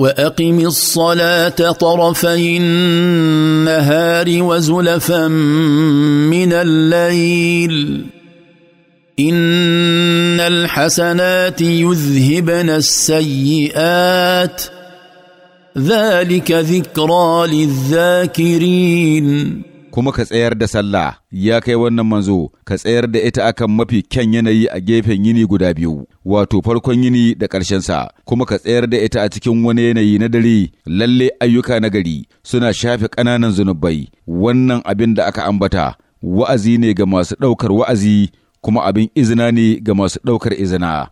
واقم الصلاه طرفي النهار وزلفا من الليل ان الحسنات يذهبن السيئات ذلك ذكرى للذاكرين kuma ka tsayar da sallah ya kai wannan manzo ka tsayar da ita akan mafi kyan yanayi a gefen yini guda biyu wato farkon yini da ƙarshen sa, kuma ka tsayar da ita a cikin wani yanayi na dare lalle ayyuka na gari suna shafe ƙananan zunubai wannan abin da aka ambata wa'azi ne ga masu ɗaukar wa'azi kuma abin izina ne ga masu ɗaukar izina